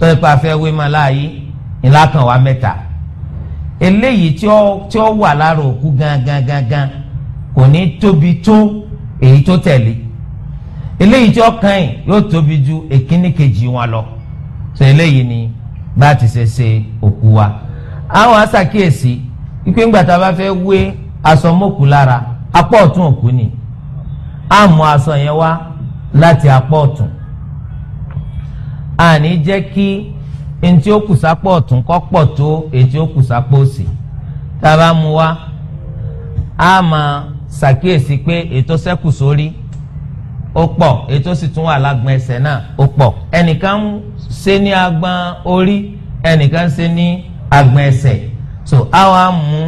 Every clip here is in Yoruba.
tó ipa fẹ́ wé máa láàyè ńlá kan wá mẹ́ta eléyìí tí ó tí ó wà lára òkú gangan gangan kò ní tóbi tó èyí tó tẹ̀lé eléyìí tí ó kàn yìí yóò tóbi ju èkíní kejì wọn lọ tó eléyìí ni bá a ti ṣe ṣe òkú wa àwọn aṣàkíyèsí ipe ńgbà bá fẹ́ wé aṣọ mọ́kù lára apá ọ̀tún òkú ni àmọ́ aṣọ yẹn wá láti apá ọ̀tún àní jẹ́ kí ntí ó kùsàpọ̀ ọ̀tún kọ́ pọ̀ tó ntí ó kùsàpọ̀ òsì tá a bá mu wá a máa ṣàkíyèsí pé ètò sẹ́kù sórí ó pọ̀ ètò sì tún wà lágbọn ẹsẹ̀ náà ó pọ̀ ẹnìkan ṣe ní agbọn orí ẹnìkan ṣe ní agbọn ẹsẹ̀ so a wá mú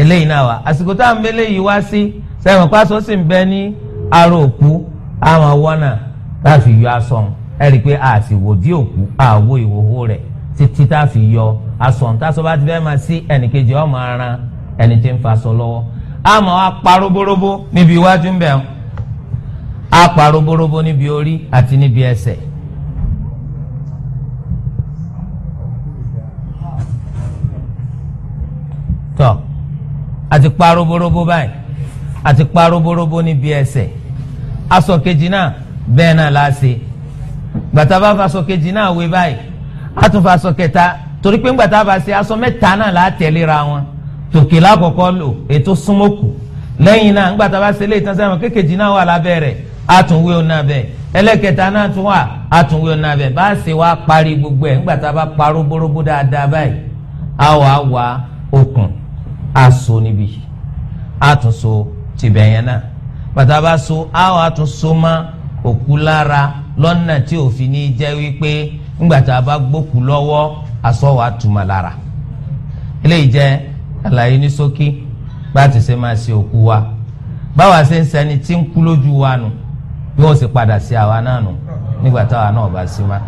eléyìí náà wá àsìkò tá à ń bẹ eléyìí wá sí sẹ́wọ̀n pásọ̀ sì ń bẹ ní aró òkú àwọn wọ́nà láti yọ aṣọ wọn. ẹ pé a sì wò dí òkú a ìhòhò rẹ̀ títí tá fi yọ aṣọ bá ti fẹ́ máa sí ẹnìkejì ọmọ aran ẹni tí ń lọ́wọ́ a mọ̀ wá pa roborobo níbi iwájú ń a pa roborobo níbi orí àti níbi ẹsẹ̀. tọ́ a ti pa roborobo báyìí a ti pa roborobo níbi la gbàtà bá faṣọ kejì náà wé báyìí a tún faṣọ kẹta torí pé gbàtà bá ṣe aṣọ mẹ́ta náà là á tẹ̀léra wọn tòkè lákọ̀ọ́kọ́ lò ètò súnmọ́kù lẹ́yìn náà gbàtà bá ṣe léyìí tán sẹ́wọ̀n kékejì náà wà lábẹ́ rẹ̀ a tún wé o náà bẹ́ẹ̀ ẹlẹ́kẹta náà tún wà a tún wé o náà bá a ṣe parí gbogbo ẹ̀ gbàtà bá pa róbóróbó dáadáa báyìí a wà wá okùn a so níbi a tún so tìbẹ̀yẹn náà gbàtà bá so a wà tún so mọ́ òkú lára lọ́nà tí òfin ní jẹ́ wípé ńgbà tá a bá gbókù lọ́wọ́ aṣọ wa lára eléyìí jẹ́ àlàyé ní ṣókí bá a ti ṣe máa ṣe òkú wa báwa ṣe ń sẹni tí ń kú lójú wa nù bí wọ́n sì padà sí àwa náà nù nígbà táwa náà bá sí máa.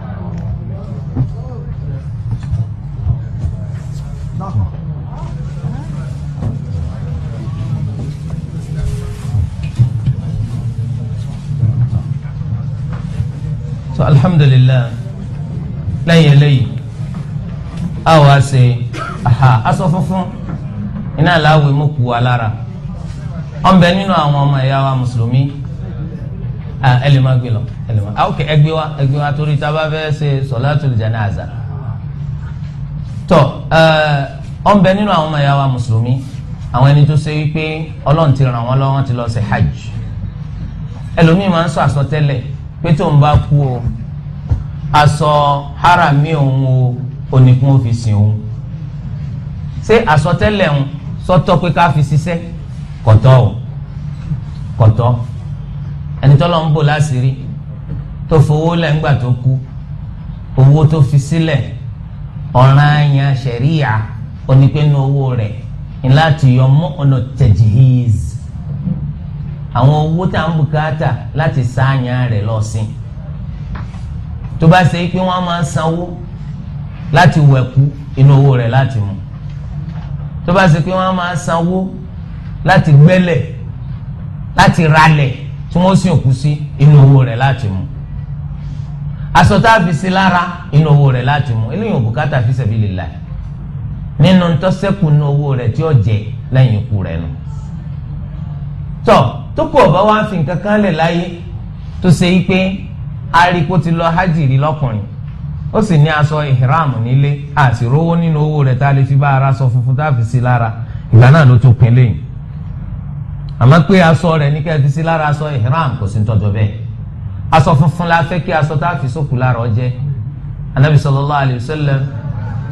so alhamdulilayi lẹ́yìn eléyìí a wá ṣe aha aṣọ funfun iná aláwọ̀ imú kù wá lára ọ̀n bẹ nínú àwọn ọmọ ẹ̀yà wa mùsùlùmí ẹ lè má gbé lọ ẹ lè má ok ẹgbẹ wa ẹgbẹ wa torí tá a bá fẹ́ ṣe sọ̀látùl jánásà tọ ọ̀n bẹ nínú àwọn ọmọ ẹ̀yà wa mùsùlùmí àwọn ẹni tó ṣe wípé ọlọ́run ti ràn wọ́n lọ́wọ́ ti lọ ṣe hajj ẹlòmíì máa ń sọ àsọtẹ́lẹ̀ pé tóun bá kú o aṣọ harami òun o oníkun ó fi sìn òun ṣé àsọtẹ́lẹ̀ ń sọ́tọ̀ pé ká fi ṣiṣẹ́ kọ̀tọ́ o kọ̀tọ́ ẹni tọ́lọ́ ń bò láṣìírí tó fowó lẹ́ngbà tó kú owó tó fi sílẹ̀ ọ̀ranyàn ṣẹ̀ríyà onípinnu owó rẹ̀ ńlá yọ mọ́ ọ̀nà tẹ̀jìhìz àwọn owó tá à ń bùkátà láti sáàyàn rẹ̀ lọ sí tó bá ṣe pé wọ́n máa ń sanwó láti wẹ̀kú inú owó rẹ̀ láti mú tó bá ṣe pé wọ́n máa ń sanwó láti gbẹ́lẹ̀ láti ralẹ̀ tí wọ́n sì òkú sí inú owó rẹ̀ láti mú aṣọ tá a fi sí lára inú owó rẹ̀ láti mú eléyìí òbúkátà fi ṣẹ̀bi lè la nínú tọ́sẹ́kù inú owó rẹ̀ tí ó jẹ lẹ́yìn ikú rẹ̀ nù. tọ́ tó kù ọba wa fi nǹkan kan lẹ̀ láyé tó ṣe é pé ariko ti lọ hajj rí lọ́kùnrin ó sì ní aṣọ ìhìráàmù nílé àti rówó nínú owó rẹ tá a lè fi bá ara sọ funfun tá a fi sí lára ìgbà náà ló tún pin lẹ́yìn àmọ́ pé aṣọ rẹ̀ ní kẹ́ẹ̀ sí lára aṣọ ìhìráàmù kò sí ń tọ́jọ́ bẹ́ẹ̀ aṣọ funfun la fẹ́ kí aṣọ tá a fi sókù lára ọ jẹ́ anabi sallallahu alayhi wa sallam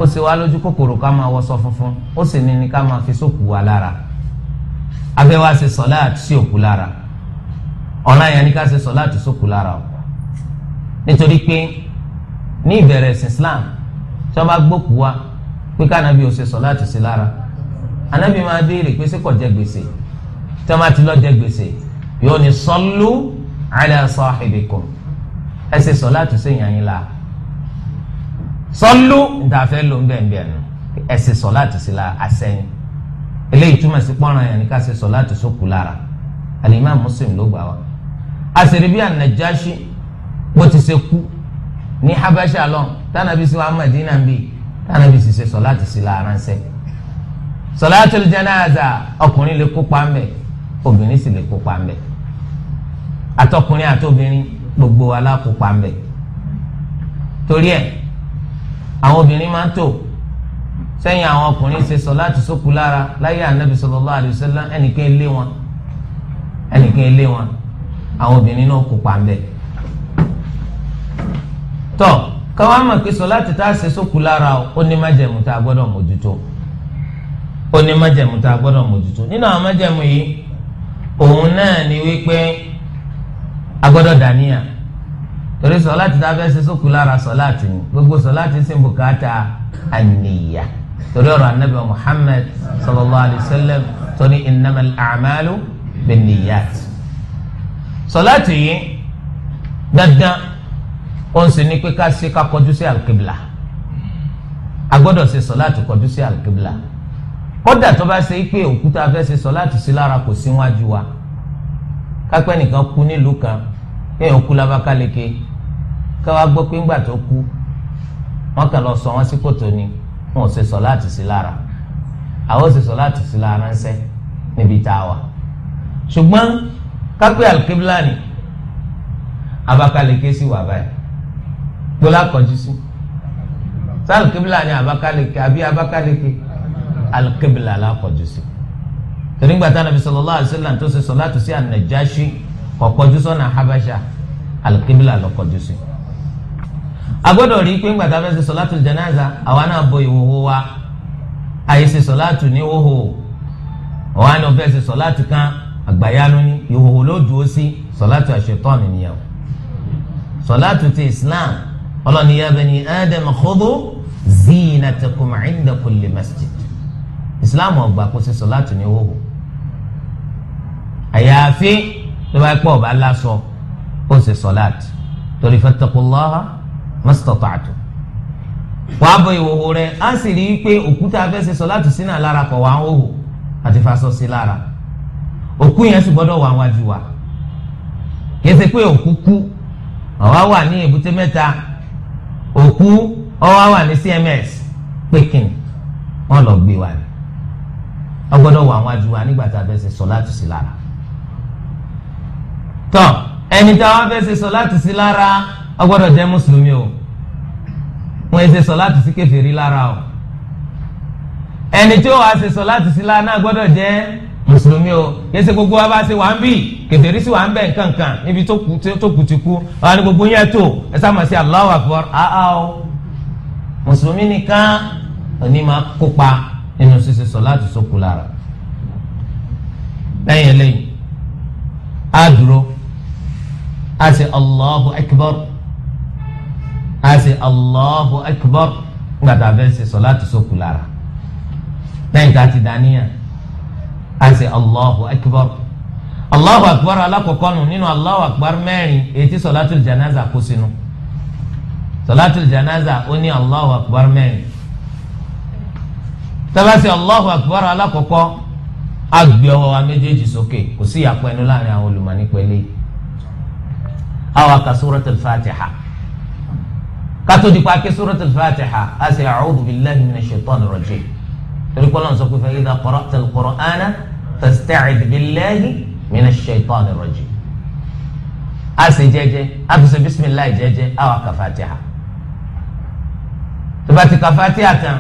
ó sì wá lójú kòkòrò ká máa wọṣọ funfun ó sì ní ní ká máa fi sókù wa lára. afẹ́ wa ṣe sọláàtì sí òkú lára ọ̀nà yẹn ni ká ṣe sọláàtì sókú lára o nítorí pé ní ìbẹ̀rẹ̀ ẹ̀sìn Islam tí wọ́n bá gbókù wa pé kánábì ò ṣe sọláàtì sí lára anábì máa béèrè pé ṣé jẹ gbèsè tí wọ́n bá ti lọ jẹ gbèsè yóò ní sallu ala sahibikum ẹ ṣe sọláàtì sí yàyín la sallu ntàfẹ́ ló ń bẹ̀ ń bẹ̀ ẹ ṣe sọláàtì sí la àṣẹyìn eléyìí túmọ̀ sí pọ́nrán yẹn ní ká ṣe sọ̀láàtì sókù lára alimami muslim ló gbà wá àṣírí an-Najashi bó ti ṣe kú ní habasha lọ tánàbí sí wa Madina ń bì tánàbí sì ṣe sọ̀láàtì sí lára ń sẹ́ sọ̀láàtì janaza ọkùnrin lè kópa ń bẹ̀ obìnrin sì lè kópa ń bẹ̀ àtọkùnrin àtobìnrin gbogbo wa la kópa ń bẹ̀ torí ẹ̀ àwọn obìnrin máa ń tò sẹ́yìn àwọn ọkùnrin ṣe sọ láti sókù lára láyé ànábì sallallahu alaihi wasallam ẹnìkan ilé wọn ẹnìkan ilé wọn àwọn obìnrin náà kó pàǹdẹ. tọ́ káwá mọ̀ pé sọ láti tá a ṣe sókù lára ó ní májẹ̀mú tá a gbọ́dọ̀ mójútó ó ní májẹ̀mú tá a gbọ́dọ̀ mójútó nínú àwọn májẹ̀mú yìí òun náà ni wípé agbọdọ gbọ́dọ̀ torí sọ láti tá a fẹ́ ṣe lára sọ láti ní gbogbo torí ọ̀rọ̀ anabi muhammed sallallahu alayhi wa sallam tó ní innamal a'malu binniyat sọláàtì yìí dandan ó ń sìn ní pé ká ṣe ká kọjú sí alkibla a gbọ́dọ̀ ṣe sọláàtì kọjú sí alkibla kódà tó bá ṣe pé òkúta fẹ́ ṣe sọláàtì sí lára kò sí wa kápẹ́ nìkan kú nílùú kan kéèyàn kú lábákáleke káwá gbọ́ pé ńgbà tó kú wọ́n kàn lọ sọ wọ́n sí kòtò ni wọn ò ṣe sọ láti sí lára àwọn ò ṣe sọ láti sí lára ń sẹ́ níbi tá a wà ṣùgbọ́n kápẹ́ alikébílà ni abakaleke sí wà báyìí gbọ́lá kọjú sí sálùkébílà ni abakaleke àbí abakaleke alikébílà la kọjú sí torí gbà tá nàbí sallallahu alaihi wasallam tó ṣe sọ láti sí ànàjáṣí kọkọjú sọ́nà habasha alikébílà lọ sí a gbọ́dọ̀ rí i pé ńgbà tá a fẹ́ ṣe sọ̀látù janaza àwa náà bo ìhòhò wa àyè ṣe sọ̀látù ní hóhò ọ̀hán ni wọ́n fẹ́ ṣe sọ̀látù kan àgbàyanu ní ìhòhò ló dúró sí sọ̀látù àṣetọ́ọ̀nù nìyẹn o sọ̀látù ti Islam ọlọ́ni ya bani Adam khudhu zinatakum inda kulli masjid Islam ọgbà kò ṣe sọ̀látù ní hóhò àyàfi tó bá pọ̀ bá lásọ ó ṣe sọ̀látù torí fattaqullaha mọ́sítọ̀tàtù wàá bọ ìhòhò rẹ á sì rí i pé òkúta sọ láti sínú àlára kọ̀ wá ń hòhò àti fasọ lára òkú yẹn sì wà wájú wa kìí ṣe pé òkú kú ọ̀wá wà ní èbúté mẹ́ta òkú ọ̀wá wà ní CMS pékin a gbọ́dọ̀ wà wájú wa nígbà tá a sọ láti sí lára tọ́ ẹni sọ láti sí lára. a gbọ́dọ̀ jẹ́ mùsùlùmí o wọ́n ṣe sọ láti sí kèfèrí lára o ẹni tí ó wàá ṣe sọ láti sí lára náà gbọ́dọ̀ jẹ́ mùsùlùmí o yẹsẹ gbogbo wa bá ṣe wà ń bì kèfèrí sí wà ń bẹ̀ nkankan níbi tó kù ti kú àwọn ni gbogbo yẹn tó ẹ sábà ṣe Allahu Akbar àá o mùsùlùmí nìkan òní máa kópa nínú ṣíṣe sọ láti sókù lára lẹ́yìn eléyìí á dúró á ṣe Allahu Akbar a ṣe allahu akbar nígbà tá a fẹ́ ṣe sọláàtì sókù lára lẹ́yìn tá a ti dàníyàn a ṣe allahu akbar allahu akbar alákọ̀ọ́kọ́ nù nínú allahu akbar mẹ́rin èyí tí sọláàtì janaza kó sínú sọláàtì janaza ó ní allahu akbar mẹ́rin tabasi allahu akbar alakoko agbe ọwọ́ wa méjèèjì sókè kò sí ìyàpọ̀ ẹnu láàrin àwọn olùmọ̀ nípa eléyìí àwa ka fatiha kátó di pa ké suratul fatiha á sì a'udhu billahi minash shaitani rajim torí pé lọ́n sọ pé fa idha qara'tal qur'ana fasta'idh billahi minash shaitani rajim á sì jẹ́jẹ́ á tún sọ bisimilayi jẹ́jẹ́ á wà ka fatiha tó bá ti tán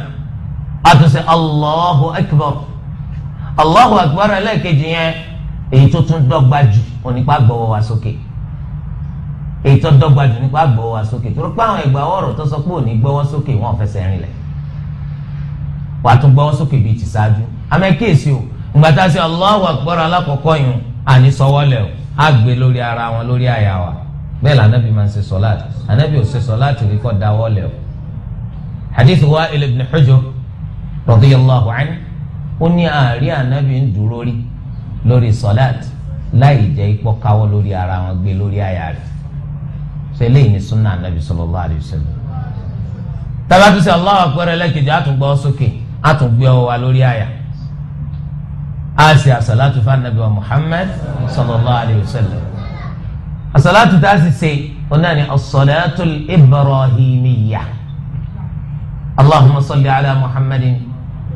á tún sọ allahu akbar allahu akbar ẹlẹ́ẹ̀kejì yẹn èyí tó tún dọ́gba jù onípa gbọ́wọ́ wa sókè. Okay èyí tó dọ́gba jù nípa gbọ́wọ́ sókè tó rọ pé àwọn ìgbà ọ̀rọ̀ tó sọ pé òní gbọ́wọ́ sókè wọn fẹsẹ̀ rinlẹ̀ wàá tún gbọ́wọ́ sókè bíi ti ṣáájú àmọ́ ẹ kíyèsí o ìgbàtà sí Allahu Akbar alákọ̀ọ́kọ́ yìí àní sọwọ́lẹ̀ o á gbé lórí ara wọn lórí àyà wa bẹ́ẹ̀ ni anabi máa ń ṣe sọláàtì anabi ò ṣe sọláàtì rí kọ́ dáwọ́lẹ̀ o hadith sẹlẹ̀ yìí sunna anabi sallallahu alayhi wa sallam tabatu sẹ Allahu akbar ẹlẹ́kejì àtúgbọ́ sókè àtúgbé ọwọ́ wa lórí àyà a sì asalatu fún anabi wa Muhammad sallallahu alayhi wa sallam asalatu tá a sì ṣe ọ̀nà ni asalatu ibrahimiya allahumma salli ala muhammadin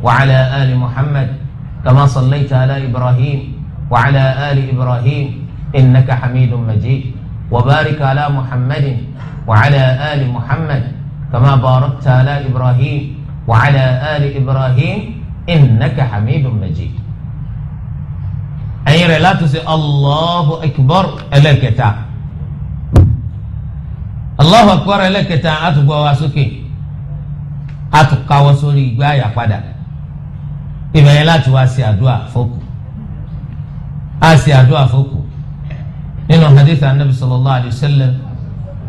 wa ala ali muhammad kama sallaita ala ibrahim wa ala ali ibrahim innaka hamidun majid. وبارك على محمد وعلى آل محمد كما باركت على إبراهيم وعلى آل إبراهيم إنك حميد مجيد أي رلاته الله أكبر لك تعالى Allahu akbar ẹlẹ́kẹta àtúgbọ́ wa sókè àtúkawọ́ sórí ìgbà àyà padà ibẹ̀ yẹn láti wá sí àdúrà fókù á sí àdúrà fókù nínú hadith anabi sallallahu alayhi wa sallam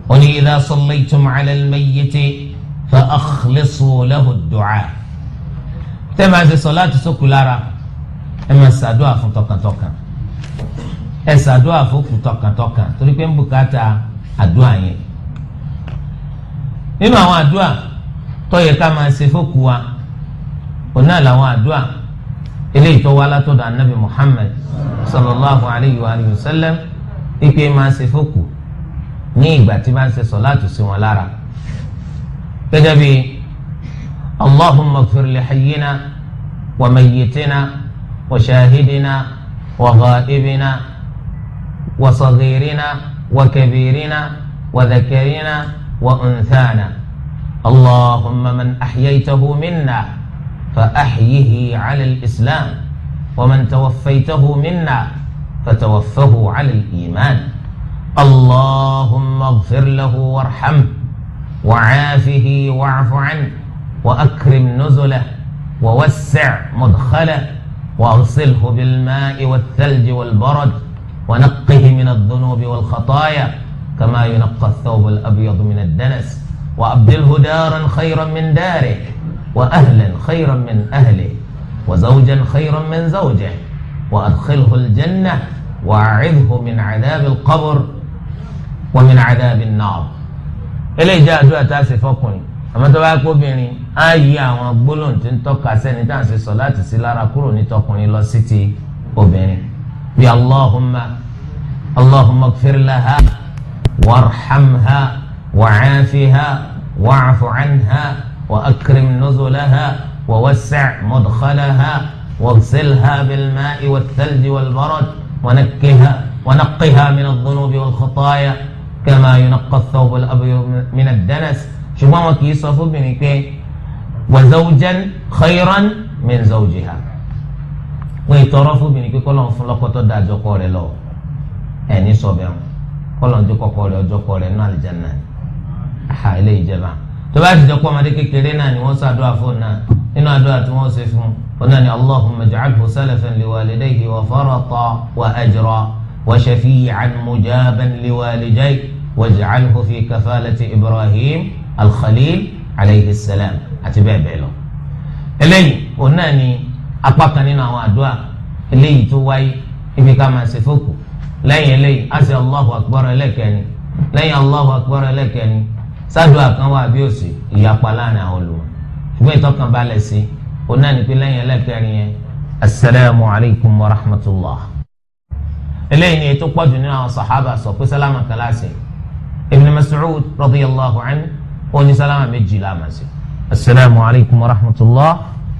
oní idha sallaytum ala al-mayyiti fa akhlisu lahu ad-du'a tẹ́ máa ṣe sọláàtì sókù lára ẹ máa ṣàdúrà fún tọkàntọkàn ẹ ṣàdúrà fún kù tọkàntọkàn torí pé ń bùkátà àdúrà yẹn nínú àwọn àdúrà tó yẹ ká máa ṣe fókù wa òun náà làwọn àdúrà eléyìí tó wá látọ̀dọ̀ anabi muhammad sallallahu alayhi wa sallam pípé máa ń ṣe fókù ní ìgbà tí máa ń ṣe sọ̀láàtù sí wọn lára gẹ́gẹ́ bí allahumma ighfir li hayyina wa mayyitina wa shahidina wa ghaibina wa saghirina wa kabirina wa dhakarina wa unthana allahumma man ahyaytahu minna fa ahyihi ala islam wa man tawaffaytahu minna. فتوفه على الإيمان اللهم اغفر له وارحمه وعافه واعف عنه وأكرم نزله ووسع مدخله وأغسله بالماء والثلج والبرد ونقه من الذنوب والخطايا كما ينقى الثوب الأبيض من الدنس وأبدله دارا خيرا من داره وأهلا خيرا من أهله وزوجا خيرا من زوجه وأدخله الجنة وأعذه من عذاب القبر ومن عذاب النار eléyìí jẹ́ àdúrà tá a ṣe fọkùnrin àmọ́ tó bá kó obìnrin á yí àwọn gbólóhùn tí ń tọ́ka sẹ́ni tá à ń ṣe sọ láti sí lára kúrò ní tọkùnrin lọ sí ti obìnrin bí allahumma allahumma ighfir laha warhamha wa'afiha wa'fu anha wa akrim nuzulaha wa wassa' mudkhalaha. واغسلها بالماء والثلج والبرد ونكها ونقها من الذنوب والخطايا كما ينقى الثوب الأبيض من الدنس شو ما كي يصفوا بني وزوجا خيرا من زوجها ويترى فبني كلهم فلقوا تدع جوكور لو يعني صبيان كلهم جوكور جوكور نال الجنة ha ilé ìjẹba tó bá ti jẹ kó ọmọdé kékeré náà ni wọn ṣàdúrà fóònù náà nínú àdúrà tí wọ́n ṣe fún un náà ni allahumma ja'alhu salafan liwalidayhi wa farata wa ajra wa shafi'an mujaban liwalidayhi waj'alhu fi kafalati ibrahim alkhalil alayhi salam àti bẹ́ẹ̀ bẹ́ẹ̀ lọ. eléyìí òun náà ni apá kan nínú àwọn àdúrà eléyìí tó wáyé ibi ká máa ṣe fókù lẹ́yìn eléyìí á allahu akbar ẹlẹ́kẹ̀ẹ́ni lẹ́yìn allahu akbar ẹlẹ́kẹ̀ẹ́ni sádùá kan wà bí òsì ìyapa láàrin àwọn ṣùgbọ́n ìtọ́kàn balẹ̀ sí òun náà ní pé lẹ́yìn ẹlẹ́kẹrin yẹn asalaamu alaykum wa rahmatulah eléyìí ni ètò pọ̀jù nínú àwọn sàhábà sọ pé sálámà kàláàsì ibn Mas'ud radiyallahu anhu ó ní sálámà méjì láàmásì asalaamu alaykum wa rahmatulah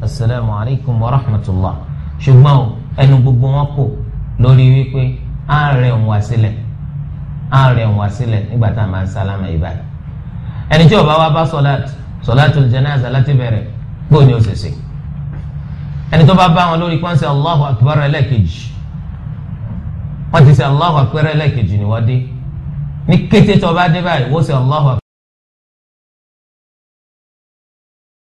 asalaamu alaykum wa rahmatulah ṣùgbọ́n ẹnu gbogbo wọn kò lórí wípé à rẹ̀ ń wá sílẹ̀ à rẹ̀ ń wá sílẹ̀ nígbà tá a máa ń sálámà yìí ẹni tí ó bá wá bá sọ̀láàtì sọláàtúl jẹnáza láti bẹ̀rẹ̀ bó ni ó ṣe ṣe ẹni tó bá bá wọn lórí pọ́ńsẹ̀ allahu akbar ẹlẹ́ẹ̀kejì wọ́n ti ṣe allahu akbar ẹlẹ́ẹ̀kejì ni wọ́n dé ní kété tó bá dé báyìí wọ́n ṣe allahu akbar.